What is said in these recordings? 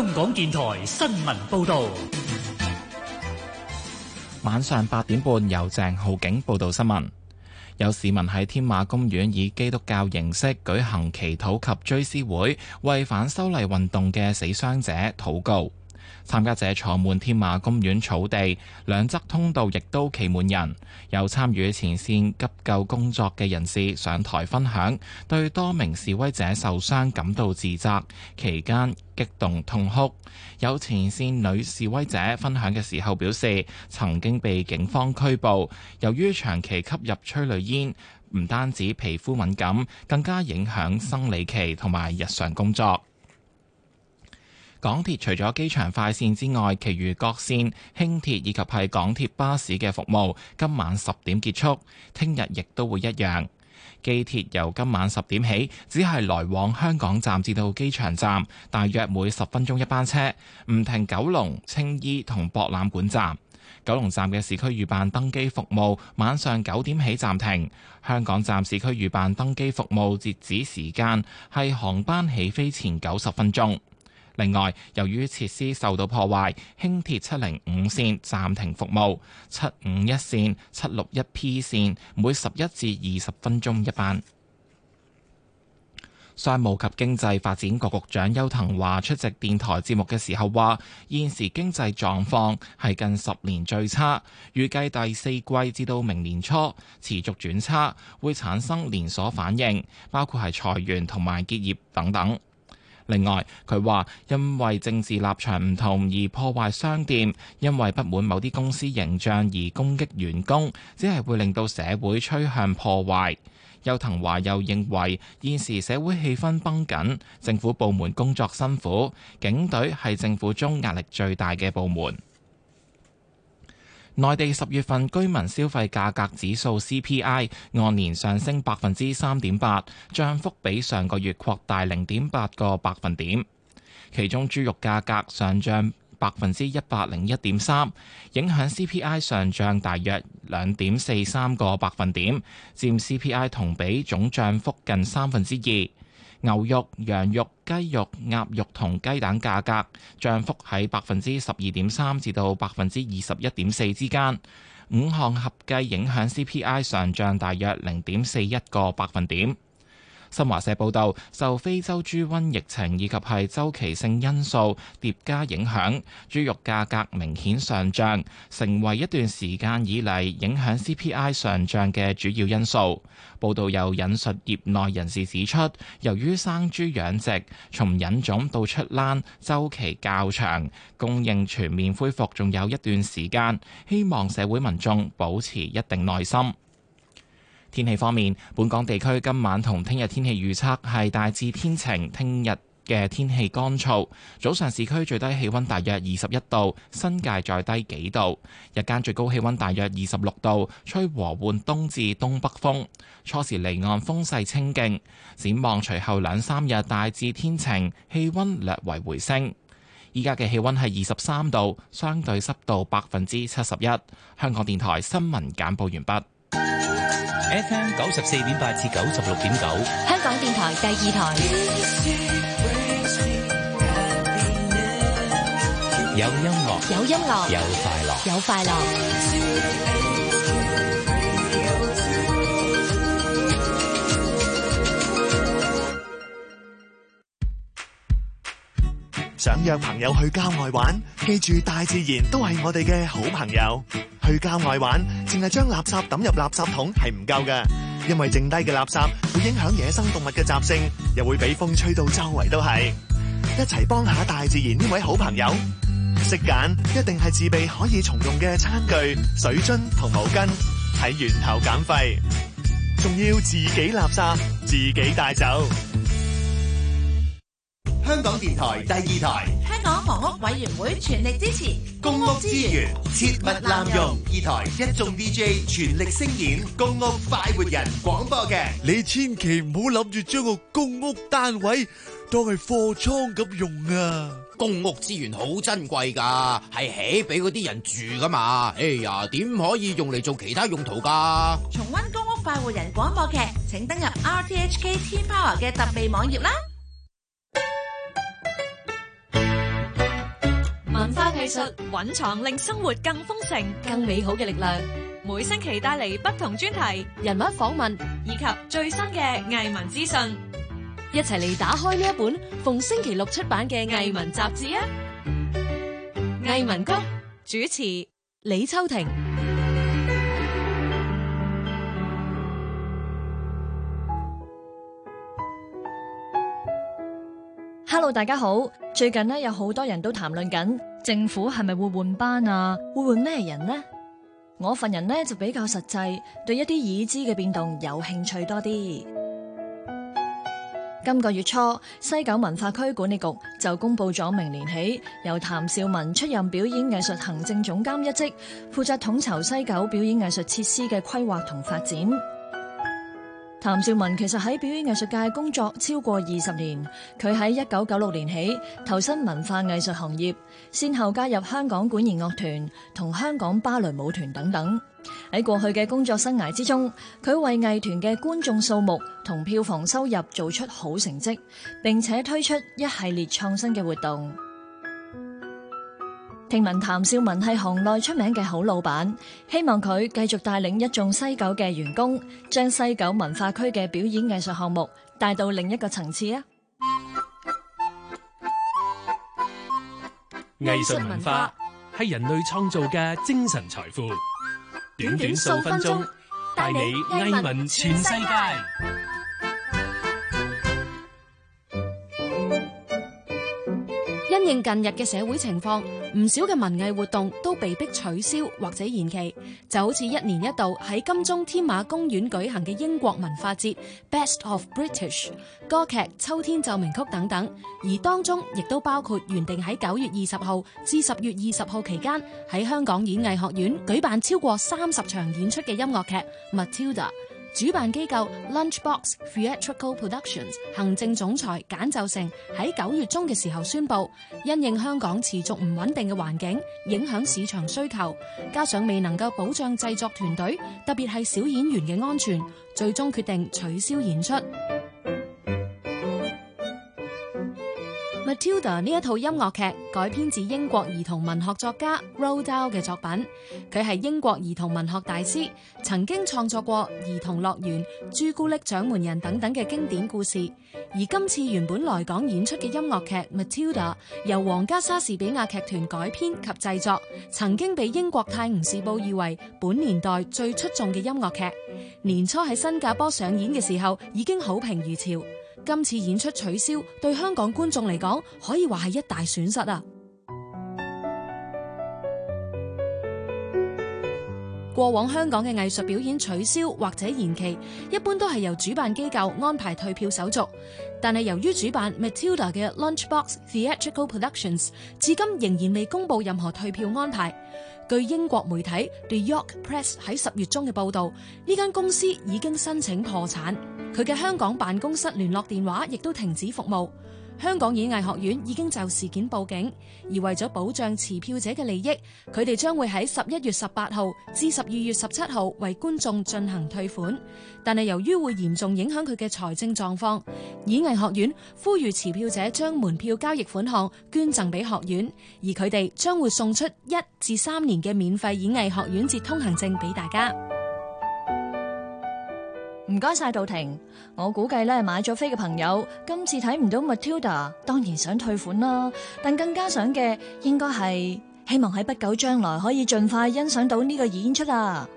香港電台新聞報道，晚上八點半由鄭浩景報道新聞。有市民喺天馬公園以基督教形式舉行祈禱及追思會，為反修例運動嘅死傷者禱告。參加者坐滿天馬公園草地，兩側通道亦都企滿人。有參與前線急救工作嘅人士上台分享，對多名示威者受傷感到自責，期間激動痛哭。有前線女示威者分享嘅時候表示，曾經被警方拘捕，由於長期吸入催淚煙，唔單止皮膚敏感，更加影響生理期同埋日常工作。港鐵除咗機場快線之外，其餘各線、輕鐵以及係港鐵巴士嘅服務，今晚十點結束，聽日亦都會一樣。機鐵由今晚十點起，只係來往香港站至到機場站，大約每十分鐘一班車，唔停九龍、青衣同博覽館站。九龍站嘅市區預辦登機服務晚上九點起暫停，香港站市區預辦登機服務截止時間係航班起飛前九十分鐘。另外，由於設施受到破壞，輕鐵七零五線暫停服務，七五一線、七六一 P 線每十一至二十分鐘一班。商務及經濟發展局局長邱騰華出席電台節目嘅時候話，現時經濟狀況係近十年最差，預計第四季至到明年初持續轉差，會產生連鎖反應，包括係裁員同埋結業等等。另外，佢話因為政治立場唔同而破壞商店，因為不滿某啲公司形象而攻擊員工，只係會令到社會趨向破壞。邱騰華又認為現時社會氣氛繃緊，政府部門工作辛苦，警隊係政府中壓力最大嘅部門。內地十月份居民消費價格指數 CPI 按年上升百分之三點八，漲幅比上個月擴大零點八個百分點。其中豬肉價格上漲百分之一百零一點三，影響 CPI 上漲大約兩點四三個百分點，佔 CPI 同比總漲幅近三分之二。牛肉、羊肉、雞肉、鴨肉同雞蛋價格漲幅喺百分之十二點三至到百分之二十一點四之間，五項合計影響 CPI 上漲大約零點四一個百分點。新華社報道，受非洲豬瘟疫情以及係周期性因素疊加影響，豬肉價格明顯上漲，成為一段時間以嚟影響 CPI 上漲嘅主要因素。報道又引述業內人士指出，由於生豬養殖從引種到出欄週期較長，供應全面恢復仲有一段時間，希望社會民眾保持一定耐心。天氣方面，本港地區今晚同聽日天氣預測係大致天晴，聽日嘅天氣乾燥。早上市區最低氣溫大約二十一度，新界再低幾度。日間最高氣溫大約二十六度，吹和緩東至東北風。初時離岸風勢清勁，展望隨後兩三日大致天晴，氣溫略為回升。依家嘅氣溫係二十三度，相對濕度百分之七十一。香港電台新聞簡報完畢。FM 九十四點八至九十六點九，香港電台第二台，有音樂，有音樂，有快樂，有快樂。 想約朋友去郊外玩，記住大自然都係我哋嘅好朋友。去郊外玩淨係將垃圾抌入垃圾桶係唔夠嘅，因為剩低嘅垃圾會影響野生動物嘅習性，又會俾風吹到周圍都係。一齊幫下大自然呢位好朋友。識揀一定係自備可以重用嘅餐具、水樽同毛巾，喺源頭減廢。仲要自己垃圾自己帶走。香港電台第二台，香港房屋委員會全力支持公屋資源，切勿濫用。二台一眾 DJ 全力聲演公屋快活人廣播劇，你千祈唔好諗住將個公屋單位當係貨倉咁用啊！公屋資源好珍貴噶，係起俾嗰啲人住噶嘛？哎呀，點可以用嚟做其他用途噶？重溫《公屋快活人廣播劇》，請登入 RTHK Teen Power 嘅特備網頁啦。蘊藏令生活更豐盛更美好嘅力量，每星期帶嚟不同專題人物訪問，以及最新嘅藝文資訊，一齊嚟打開呢一本逢星期六出版嘅藝文雜誌啊，藝文谷主持李秋婷。Hello，大家好。最近呢有好多人都談論緊政府係咪會換班啊？會換咩人呢？我份人呢就比較實際，對一啲已知嘅變動有興趣多啲。今、這個月初，西九文化區管理局就公布咗明年起由譚少文出任表演藝術行政總監一職，負責統籌西九表演藝術設施嘅規劃同發展。藍兆文其實喺表演藝術界工作超過二十年，佢喺一九九六年起投身文化藝術行業，先後加入香港管弦樂團同香港芭蕾舞團等等。喺過去嘅工作生涯之中，佢為藝團嘅觀眾數目同票房收入做出好成績，並且推出一系列創新嘅活動。聽聞譚少文係行內出名嘅好老闆，希望佢繼續帶領一眾西九嘅員工，將西九文化區嘅表演藝術項目帶到另一個層次啊！藝術文化係人類創造嘅精神財富，短短數分鐘帶你藝文全世界。因應近日嘅社會情況，唔少嘅文藝活動都被迫取消或者延期，就好似一年一度喺金鐘添馬公園舉行嘅英國文化節 （Best of British）、歌劇《秋天奏鳴曲》等等，而當中亦都包括原定喺九月二十號至十月二十號期間喺香港演藝學院舉辦超過三十場演出嘅音樂劇《Matilda》。主辦機構 Lunchbox Theatrical Productions 行政總裁簡就成喺九月中嘅時候宣布，因應香港持續唔穩定嘅環境，影響市場需求，加上未能夠保障製作團隊，特別係小演員嘅安全，最終決定取消演出。《Matilda》呢一套音樂劇改編自英國兒童文學作家 Roald 嘅作品，佢係英國兒童文學大師，曾經創作過《兒童樂園》、《朱古力掌門人》等等嘅經典故事。而今次原本來港演出嘅音樂劇《Matilda》，由皇家莎士比亞劇團改編及製作，曾經被英國《泰晤士報》譽為本年代最出眾嘅音樂劇。年初喺新加坡上演嘅時候，已經好評如潮。今次演出取消，對香港觀眾嚟講，可以話係一大損失啊！過往香港嘅藝術表演取消或者延期，一般都係由主辦機構安排退票手續。但係由於主辦 Matilda 嘅 Lunchbox Theatrical Productions，至今仍然未公布任何退票安排。據英國媒體 The York Press 喺十月中嘅報道，呢間公司已經申請破產。佢嘅香港辦公室聯絡電話亦都停止服務，香港演藝學院已經就事件報警，而為咗保障持票者嘅利益，佢哋將會喺十一月十八號至十二月十七號為觀眾進行退款。但係由於會嚴重影響佢嘅財政狀況，演藝學院呼籲持票者將門票交易款項捐贈俾學院，而佢哋將會送出一至三年嘅免費演藝學院節通行證俾大家。唔該晒杜婷，我估計咧買咗飛嘅朋友，今次睇唔到 Matilda，當然想退款啦，但更加想嘅應該係希望喺不久將來可以盡快欣賞到呢個演出啊。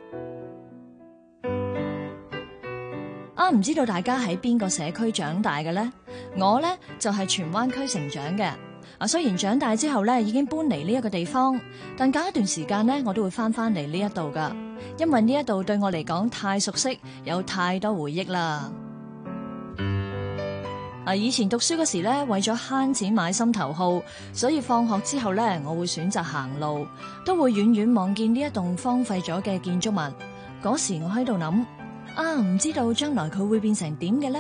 啊，唔知道大家喺邊個社區長大嘅呢？我呢，就係荃灣區成長嘅。啊，雖然長大之後咧已經搬離呢一個地方，但隔一段時間咧，我都會返返嚟呢一度噶，因為呢一度對我嚟講太熟悉，有太多回憶啦。啊， 以前讀書嗰時咧，為咗慳錢買心頭好，所以放學之後咧，我會選擇行路，都會遠遠望見呢一棟荒廢咗嘅建築物。嗰時我喺度諗啊，唔知道將來佢會變成點嘅呢？」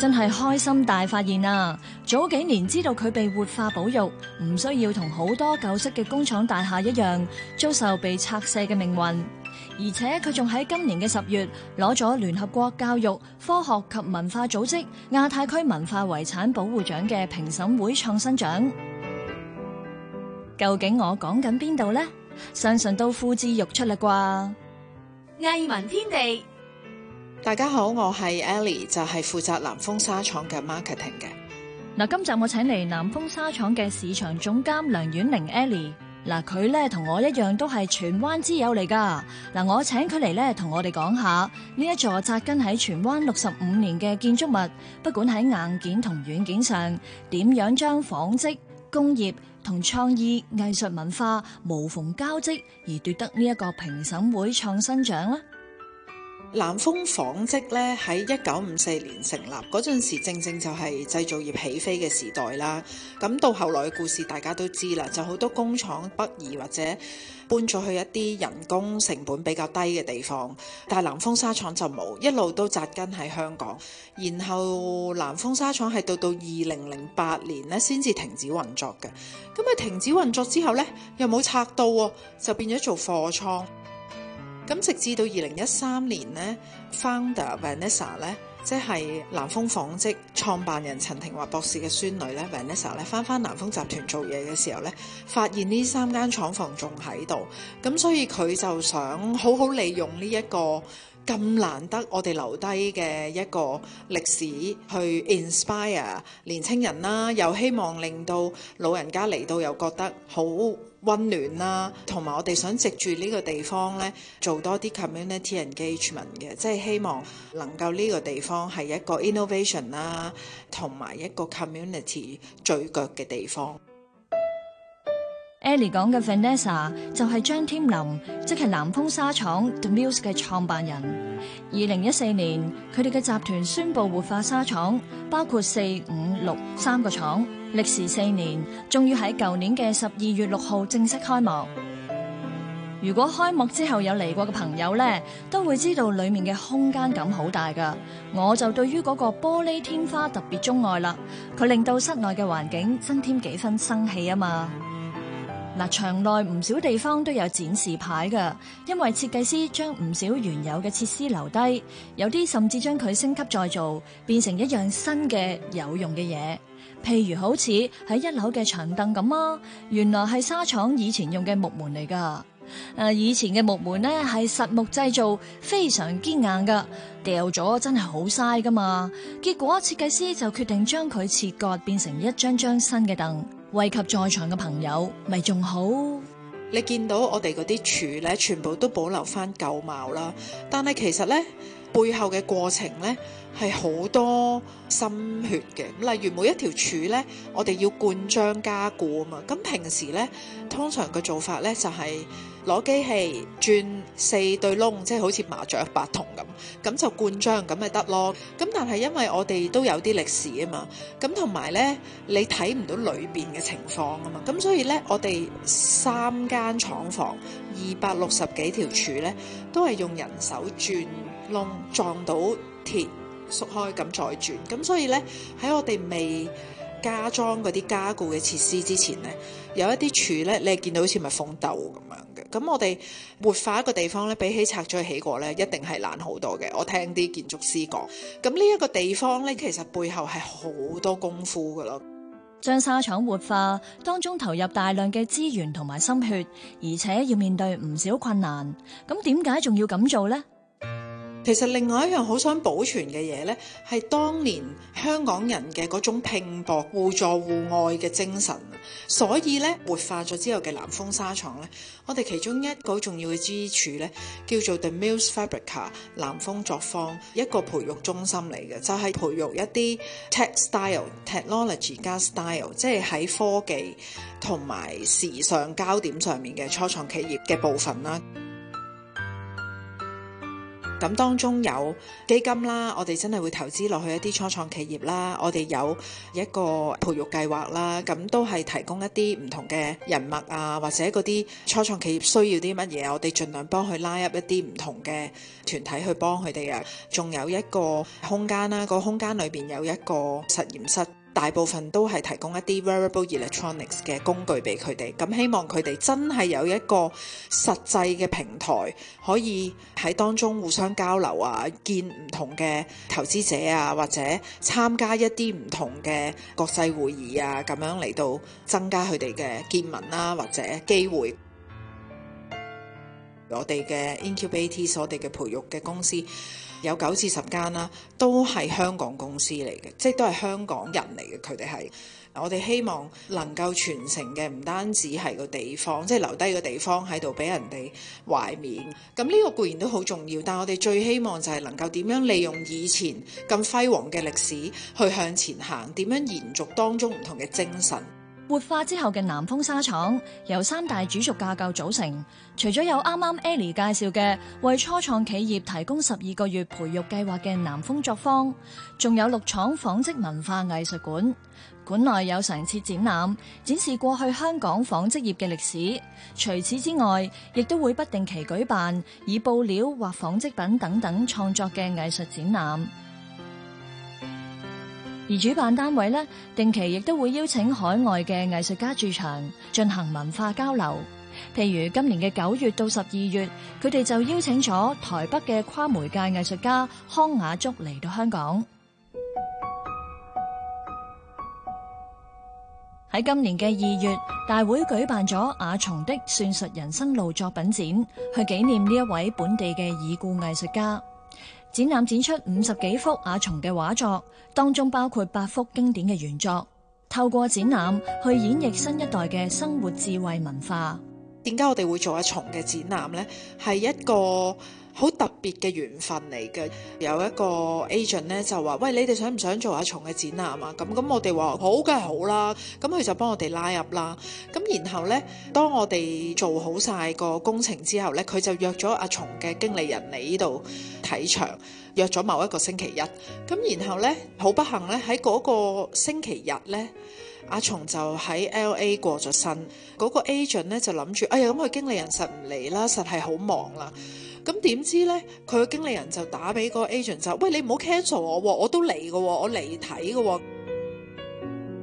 真係開心大發現啊！早幾年知道佢被活化保育，唔需要同好多舊式嘅工廠大廈一樣遭受被拆卸嘅命運，而且佢仲喺今年嘅十月攞咗聯合國教育、科學及文化組織亞太區文化遺產保護獎嘅評審會創新獎。究竟我講緊邊度呢？相信都呼之欲出啦啩！藝文天地。大家好，我係 Ellie，就係負責南豐紗廠嘅 marketing 嘅。嗱，今集我請嚟南豐紗廠嘅市場總監梁婉玲 Ellie。嗱，佢咧同我一樣都係荃灣之友嚟噶。嗱，我請佢嚟咧同我哋講下呢一座扎根喺荃灣六十五年嘅建築物，不管喺硬件同軟件上，點樣將紡織工業同創意藝術文化無縫交織而奪，而奪得呢一個評審會創新獎咧？南豐紡織咧喺一九五四年成立，嗰陣時正正就係製造業起飛嘅時代啦。咁到後來嘅故事大家都知啦，就好多工廠北移或者搬咗去一啲人工成本比較低嘅地方，但係南豐紗廠就冇一路都紮根喺香港。然後南豐紗廠係到到二零零八年咧先至停止運作嘅。咁啊停止運作之後呢，又冇拆到，就變咗做貨倉。咁直至到二零一三年呢 Founder Vanessa 呢，即係南豐紡織創辦人陳庭華博士嘅孫女呢 Vanessa 呢，翻翻南豐集團做嘢嘅時候呢，發現呢三間廠房仲喺度，咁所以佢就想好好利用呢、這、一個咁難得我哋留低嘅一個歷史，去 inspire 年青人啦，又希望令到老人家嚟到又覺得好。溫暖啦，同埋我哋想藉住呢個地方咧，做多啲 community engagement 嘅，即係希望能夠呢個地方係一個 innovation 啦，同埋一個 community 聚腳嘅地方。Ellie 講嘅 Vanessa 就係張添林，即係南豐紗廠 The Mills 嘅創辦人。二零一四年，佢哋嘅集團宣布活化紗廠，包括四五六三個廠。歷時四年，終於喺舊年嘅十二月六號正式開幕。如果開幕之後有嚟過嘅朋友呢，都會知道裏面嘅空間感好大㗎。我就對於嗰個玻璃天花特別鍾愛啦，佢令到室內嘅環境增添幾分生氣啊嘛。嗱，場內唔少地方都有展示牌㗎，因為設計師將唔少原有嘅設施留低，有啲甚至將佢升級再做，變成一樣新嘅有用嘅嘢。譬如好似喺一樓嘅長凳咁啊，原來係紗廠以前用嘅木門嚟噶。誒，以前嘅木門呢係實木製造，非常堅硬噶，掉咗真係好嘥噶嘛。結果設計師就決定將佢切割變成一張張新嘅凳，惠及在場嘅朋友，咪仲好。你見到我哋嗰啲柱咧，全部都保留翻舊貌啦，但係其實呢。背後嘅過程呢，係好多心血嘅。例如每一條柱呢，我哋要灌漿加固啊嘛。咁平時呢，通常嘅做法呢，就係攞機器轉四對窿，即係好似麻雀八筒咁，咁就灌漿咁咪得咯。咁但係因為我哋都有啲歷史啊嘛，咁同埋呢，你睇唔到裏邊嘅情況啊嘛，咁所以呢，我哋三間廠房二百六十幾條柱呢，都係用人手轉。窿撞到鐵縮開，咁再轉咁，所以呢，喺我哋未加裝嗰啲加固嘅設施之前呢，有一啲柱呢，你見到好似咪風兜咁樣嘅。咁我哋活化一個地方呢，比起拆咗起過呢，一定係難好多嘅。我聽啲建築師講，咁呢一個地方呢，其實背後係好多功夫噶咯。將紗廠活化，當中投入大量嘅資源同埋心血，而且要面對唔少困難，咁點解仲要咁做呢？其實另外一樣好想保存嘅嘢呢，係當年香港人嘅嗰種拼搏、互助、互愛嘅精神。所以呢，活化咗之後嘅南豐紗廠呢，我哋其中一個重要嘅支柱呢，叫做 The Mills Fabrica 南豐作坊，一個培育中心嚟嘅，就係、是、培育一啲 techstyle, technology 加 style，即係喺科技同埋時尚交點上面嘅初創企業嘅部分啦。咁當中有基金啦，我哋真係會投資落去一啲初創企業啦。我哋有一個培育計劃啦，咁都係提供一啲唔同嘅人物啊，或者嗰啲初創企業需要啲乜嘢，我哋盡量幫佢拉入一啲唔同嘅團體去幫佢哋啊。仲有一個空間啦，個空間裏邊有一個實驗室。大部分都係提供一啲 wearable electronics 嘅工具俾佢哋，咁希望佢哋真係有一個實際嘅平台，可以喺當中互相交流啊，見唔同嘅投資者啊，或者參加一啲唔同嘅國際會議啊，咁樣嚟到增加佢哋嘅見聞啦、啊，或者機會。 我哋嘅 incubatees，我哋嘅培育嘅公司。有九至十間啦，都係香港公司嚟嘅，即係都係香港人嚟嘅。佢哋係我哋希望能夠傳承嘅，唔單止係個地方，即係留低個地方喺度俾人哋懷緬。咁呢個固然都好重要，但係我哋最希望就係能夠點樣利用以前咁輝煌嘅歷史去向前行，點樣延續當中唔同嘅精神。活化之後嘅南豐紗廠由三大主軸架構組成，除咗有啱啱 Ellie 介紹嘅為初創企業提供十二個月培育計劃嘅南豐作坊，仲有六廠紡織文化藝術館，館內有成次展覽，展示過去香港紡織業嘅歷史。除此之外，亦都會不定期舉辦以布料或紡織品等等創作嘅藝術展覽。而主辦單位咧，定期亦都會邀請海外嘅藝術家駐場進行文化交流。譬如今年嘅九月到十二月，佢哋就邀請咗台北嘅跨媒界藝術家康雅竹嚟到香港。喺今年嘅二月，大會舉辦咗雅松的算術人生路作品展，去紀念呢一位本地嘅已故藝術家。展覽展出五十幾幅阿松嘅畫作，當中包括八幅經典嘅原作。透過展覽去演繹新一代嘅生活智慧文化。點解我哋會做阿松嘅展覽呢？係一個。好特別嘅緣分嚟嘅，有一個 agent 咧就話：喂，你哋想唔想做阿松嘅展覽啊？嘛咁咁，我哋話好梗係好啦。咁佢就幫我哋拉入啦。咁然後呢，當我哋做好晒個工程之後呢，佢就約咗阿松嘅經理人嚟呢度睇場，約咗某一個星期日。咁然後呢，好不幸呢，喺嗰個星期日呢，阿松就喺 L A 過咗身。嗰個 agent 呢，就諗住：哎呀，咁佢經理人實唔嚟啦，實係好忙啦。咁點知咧？佢個經理人就打俾個 agent 就：喂，你唔好 cancel 我喎，我都嚟嘅喎，我嚟睇嘅喎。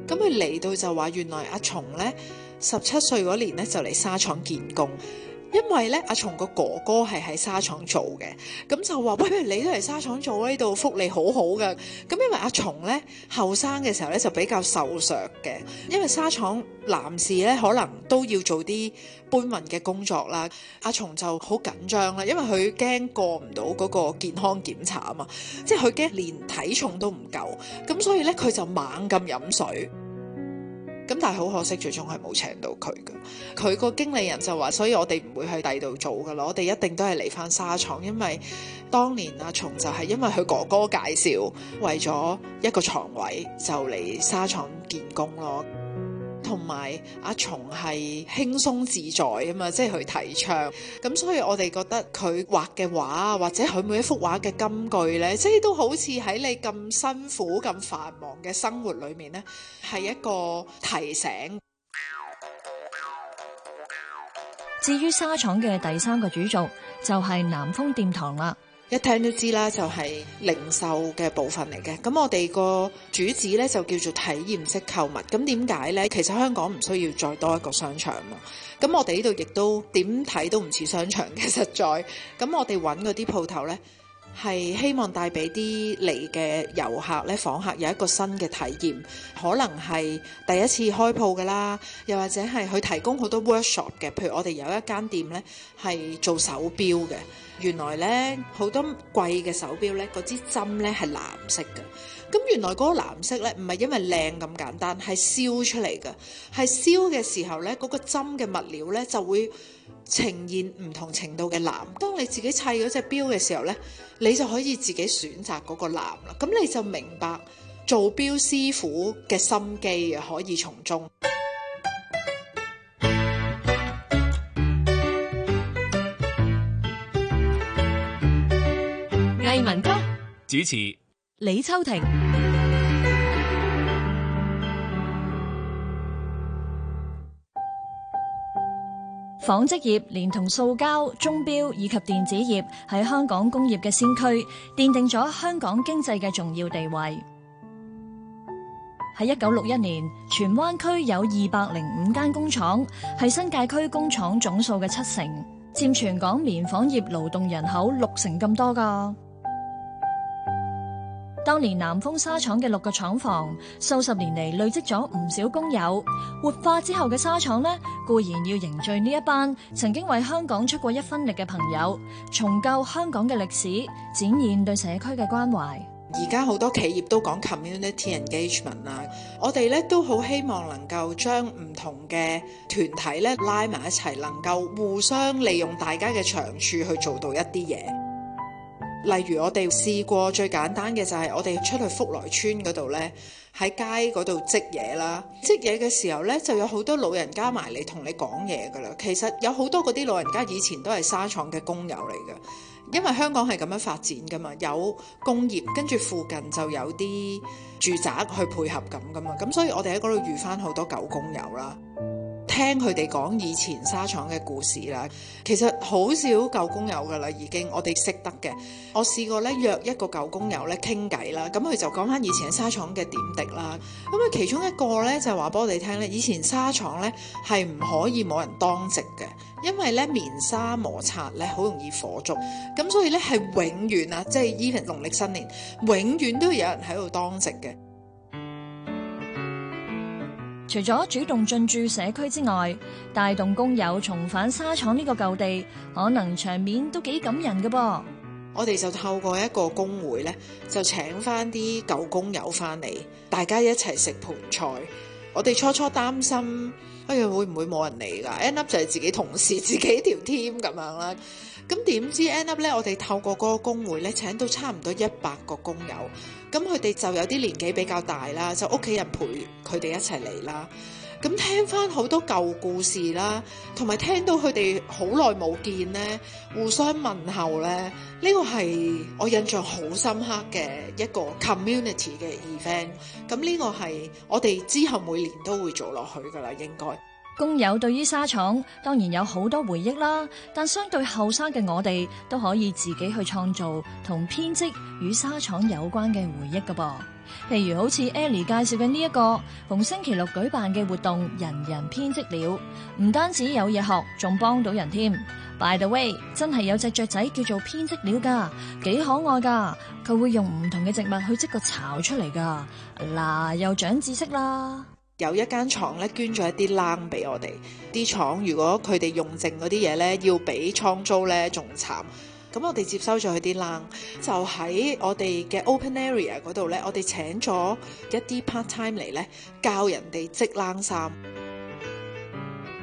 咁佢嚟到就話：原來阿松咧，十七歲嗰年咧就嚟紗廠見工。因為咧，阿松個哥哥係喺紗廠做嘅，咁就話：喂，不如你都嚟紗廠做？呢度福利好好嘅。咁因為阿松呢，後生嘅時候呢就比較瘦削嘅，因為紗廠男士呢可能都要做啲搬運嘅工作啦。阿松就好緊張啦，因為佢驚過唔到嗰個健康檢查啊嘛，即係佢驚連體重都唔夠，咁所以呢，佢就猛咁飲水。咁但係好可惜，最終係冇請到佢嘅。佢個經理人就話：「所以我哋唔會去第二度做㗎咯。」我哋一定都係嚟翻紗廠，因為當年阿松就係因為佢哥哥介紹，為咗一個床位就嚟紗廠見工咯。同埋阿松係輕鬆自在啊嘛，即係去提倡。咁所以我哋覺得佢畫嘅畫或者佢每一幅畫嘅金句呢，即係都好似喺你咁辛苦、咁繁忙嘅生活裏面呢，係一個提醒。至於紗廠嘅第三個主軸，就係南豐殿堂啦。一聽都知啦，就係零售嘅部分嚟嘅。咁我哋個主旨呢，就叫做體驗式購物。咁點解呢？其實香港唔需要再多一個商場嘛。咁我哋呢度亦都點睇都唔似商場嘅實在。咁我哋揾嗰啲鋪頭呢，係希望帶俾啲嚟嘅遊客咧、訪客有一個新嘅體驗，可能係第一次開鋪㗎啦，又或者係佢提供好多 workshop 嘅，譬如我哋有一間店咧係做手錶嘅，原來咧好多貴嘅手錶咧，嗰支針咧係藍色嘅，咁原來嗰個藍色咧唔係因為靚咁簡單，係燒出嚟嘅，係燒嘅時候咧嗰、嗰個針嘅物料咧就會。呈現唔同程度嘅藍。當你自己砌嗰隻錶嘅時候呢，你就可以自己選擇嗰個藍啦。咁你就明白做錶師傅嘅心機可以從中。藝文谷主持，李秋婷。紡織業連同塑膠、鐘錶以及電子業，係香港工業嘅先驅，奠定咗香港經濟嘅重要地位。喺一九六一年，荃灣區有二百零五間工廠，係新界區工廠總數嘅七成，佔全港棉紡業勞動人口六成咁多噶。當年南豐沙廠嘅六個廠房，數十年嚟累積咗唔少工友。活化之後嘅沙廠呢，固然要凝聚呢一班曾經為香港出過一分力嘅朋友，重救香港嘅歷史，展現對社區嘅關懷。而家好多企業都講 community engagement 啊，我哋咧都好希望能夠將唔同嘅團體咧拉埋一齊，能夠互相利用大家嘅長處去做到一啲嘢。例如我哋試過最簡單嘅就係我哋出去福來村嗰度呢，喺街嗰度織嘢啦，織嘢嘅時候呢，就有好多老人家埋嚟同你講嘢噶啦。其實有好多嗰啲老人家以前都係紗廠嘅工友嚟噶，因為香港係咁樣發展噶嘛，有工業跟住附近就有啲住宅去配合咁噶嘛。咁所以我哋喺嗰度遇翻好多舊工友啦。聽佢哋講以前紗廠嘅故事啦，其實好少舊工友噶啦，已經我哋識得嘅。我試過咧約一個舊工友咧傾偈啦，咁佢就講返以前喺紗廠嘅點滴啦。咁啊其中一個咧就話俾我哋聽咧，以前紗廠咧係唔可以冇人當值嘅，因為咧棉紗摩擦咧好容易火燭，咁所以咧係永遠啊，即係依年農曆新年，永遠都有人喺度當值嘅。除咗主動進駐社區之外，帶動工友重返沙廠呢個舊地，可能場面都幾感人嘅噃。我哋就透過一個工會咧，就請翻啲舊工友翻嚟，大家一齊食盤菜。我哋初初擔心，哎呀，會唔會冇人嚟噶？一粒就係自己同事、自己條添 e 咁樣啦。咁點知 end up 咧？我哋透過嗰個工會咧，請到差唔多一百個工友，咁佢哋就有啲年紀比較大啦，就屋企人陪佢哋一齊嚟啦。咁聽翻好多舊故事啦，同埋聽到佢哋好耐冇見咧，互相問候咧，呢個係我印象好深刻嘅一個 community 嘅 event。咁呢個係我哋之後每年都會做落去噶啦，應該。工友對於紗廠當然有好多回憶啦，但相對後生嘅我哋都可以自己去創造同編織與紗廠有關嘅回憶噶噃。譬如好似 Ellie 介紹嘅呢一個逢星期六舉辦嘅活動，人人編織鳥，唔單止有嘢學，仲幫到人添。By the way，真係有隻雀仔叫做編織鳥噶，幾可愛噶，佢會用唔同嘅植物去織個巢出嚟噶。嗱、啊，又長知識啦～有一間廠咧，捐咗一啲冷俾我哋，啲廠如果佢哋用剩嗰啲嘢咧，要俾倉租咧仲慘。咁我哋接收咗佢啲冷，就喺我哋嘅 open area 嗰度咧，我哋請咗一啲 part time 嚟咧，教人哋織冷衫。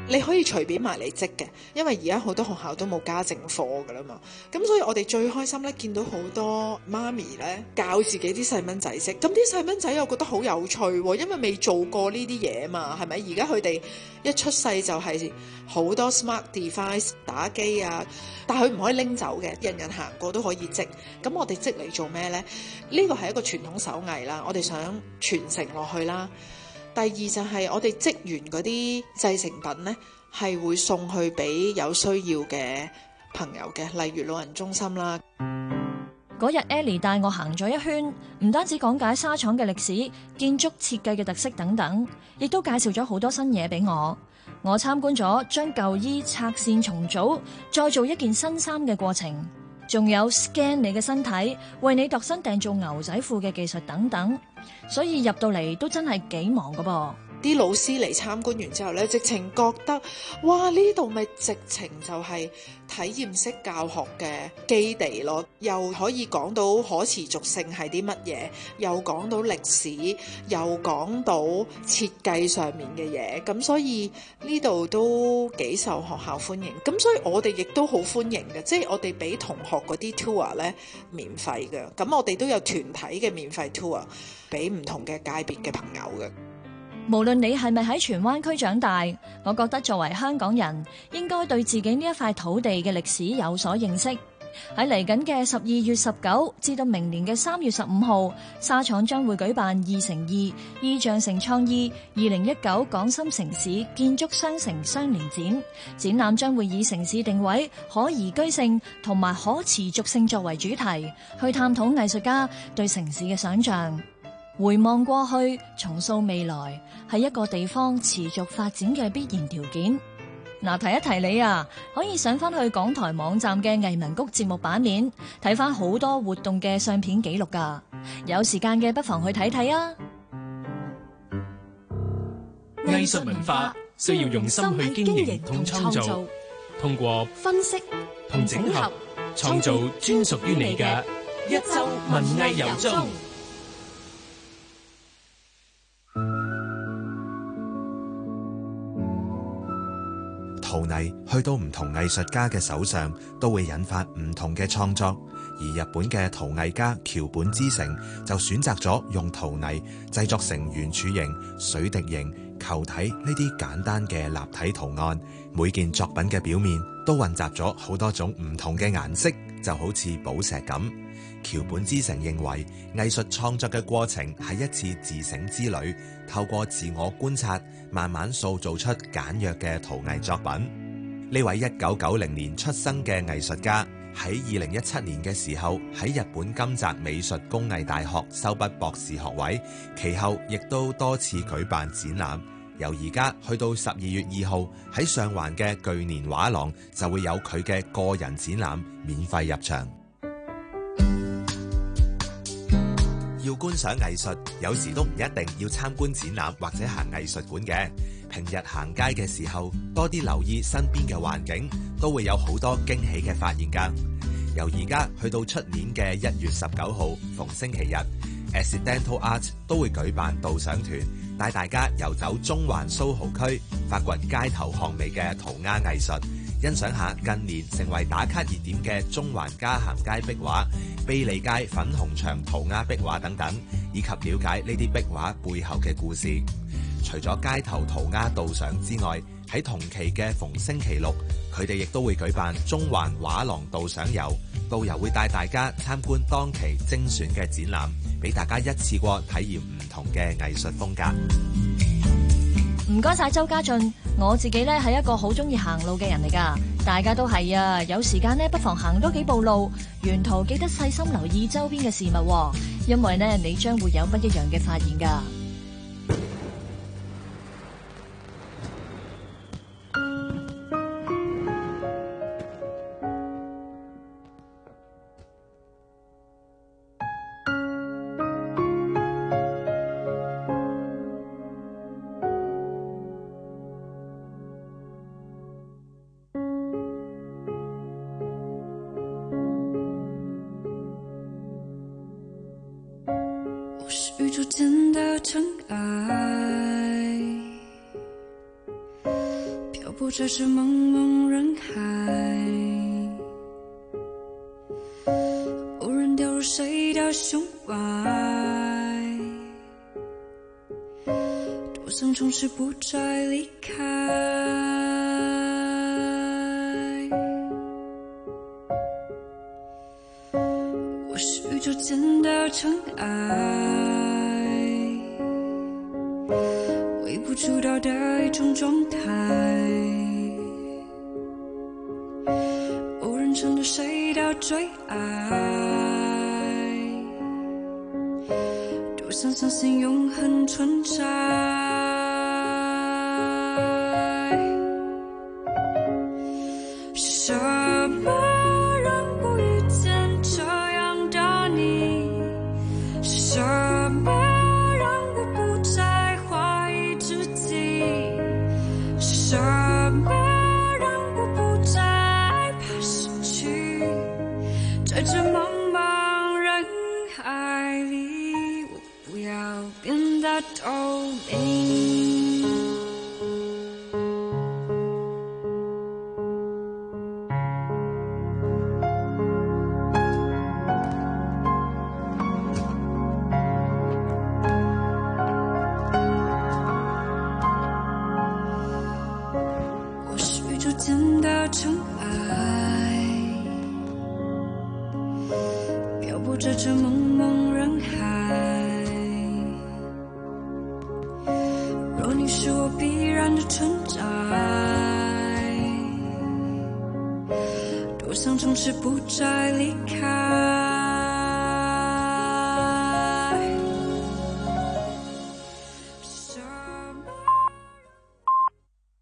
你可以隨便埋嚟織嘅，因為而家好多學校都冇家政課嘅啦嘛，咁所以我哋最開心咧，見到好多媽咪咧教自己啲細蚊仔織，咁啲細蚊仔我覺得好有趣喎，因為未做過呢啲嘢嘛，係咪？而家佢哋一出世就係好多 smart device 打機啊，但係佢唔可以拎走嘅，人人行過都可以織，咁我哋織嚟做咩咧？呢個係一個傳統手藝啦，我哋想傳承落去啦。第二就係我哋織完嗰啲製成品呢，係會送去俾有需要嘅朋友嘅，例如老人中心啦。嗰日天 Ellie 帶我行咗一圈，唔單止講解紗廠嘅歷史、建築設計嘅特色等等，亦都介紹咗好多新嘢俾我。我參觀咗將舊衣拆線重組，再做一件新衫嘅過程。仲有 scan 你嘅身體，為你度身訂做牛仔褲嘅技術等等，所以入到嚟都真係幾忙噶噃。啲老師嚟參觀完之後呢，直情覺得哇！呢度咪直情就係體驗式教學嘅基地咯，又可以講到可持續性係啲乜嘢，又講到歷史，又講到設計上面嘅嘢。咁所以呢度都幾受學校歡迎。咁所以我哋亦都好歡迎嘅，即係我哋俾同學嗰啲 tour 呢免費嘅。咁我哋都有團體嘅免費 tour 俾唔同嘅界別嘅朋友嘅。無論你係咪喺荃灣區長大，我覺得作為香港人，應該對自己呢一塊土地嘅歷史有所認識。喺嚟緊嘅十二月十九至到明年嘅三月十五號，紗廠將會舉辦二乘二意象城創意二零一九港深城市建築雙城雙年展。展覽將會以城市定位、可宜居性同埋可持續性作為主題，去探討藝術家對城市嘅想象。回望過去，重塑未來，係一個地方持續發展嘅必然條件。嗱，提一提你啊，可以上翻去港台網站嘅藝文谷節目版面，睇翻好多活動嘅相片記錄噶。有時間嘅不妨去睇睇啊。藝術文化需要用心去經營同創造，通過分析同整合，創造專屬於你嘅一周文藝遊蹤。陶泥去到唔同藝術家嘅手上，都會引發唔同嘅創作。而日本嘅陶藝家橋本之城就選擇咗用陶泥製作成圓柱形，水滴形，球體呢啲簡單嘅立體圖案。每件作品嘅表面都混雜咗好多種唔同嘅顏色，就好似寶石咁。橋本知成認為，藝術創作嘅過程係一次自省之旅，透過自我觀察，慢慢塑造出簡約嘅陶藝作品。呢位一九九零年出生嘅藝術家，喺二零一七年嘅時候喺日本金澤美術工藝大學修畢博士學位，其後亦都多次舉辦展覽。由而家去到十二月二號喺上環嘅巨年畫廊，就會有佢嘅個人展覽，免費入場。觀賞藝術有時都唔一定要參觀展覽或者行藝術館嘅，平日行街嘅時候多啲留意身邊嘅環境，都會有好多驚喜嘅發現噶。由而家去到出年嘅一月十九號逢星期日，Accidental Art 都會舉辦導賞團，帶大家遊走中環蘇豪區，發掘街頭巷尾嘅塗鴉藝術。欣賞下近年成為打卡熱點嘅中環嘉咸街壁畫、卑利街粉紅牆塗鴉壁畫等等，以及了解呢啲壁畫背後嘅故事。除咗街頭塗鴉導賞之外，喺同期嘅逢星期六，佢哋亦都會舉辦中環畫廊導賞遊，導遊會帶大家參觀當期精選嘅展覽，俾大家一次過體驗唔同嘅藝術風格。唔該晒，周家俊，我自己咧係一個好中意行路嘅人嚟噶，大家都係啊，有時間咧不妨行多幾步路，沿途記得細心留意周邊嘅事物，因為咧你將會有不一樣嘅發現噶。這是茫茫人海，偶然掉入誰的胸懷？多想從此不再離開。我是宇宙間的塵埃，微不足道的一種狀態。最愛，多想相信永恆存在。在這茫茫人海裏，我不要變得透明。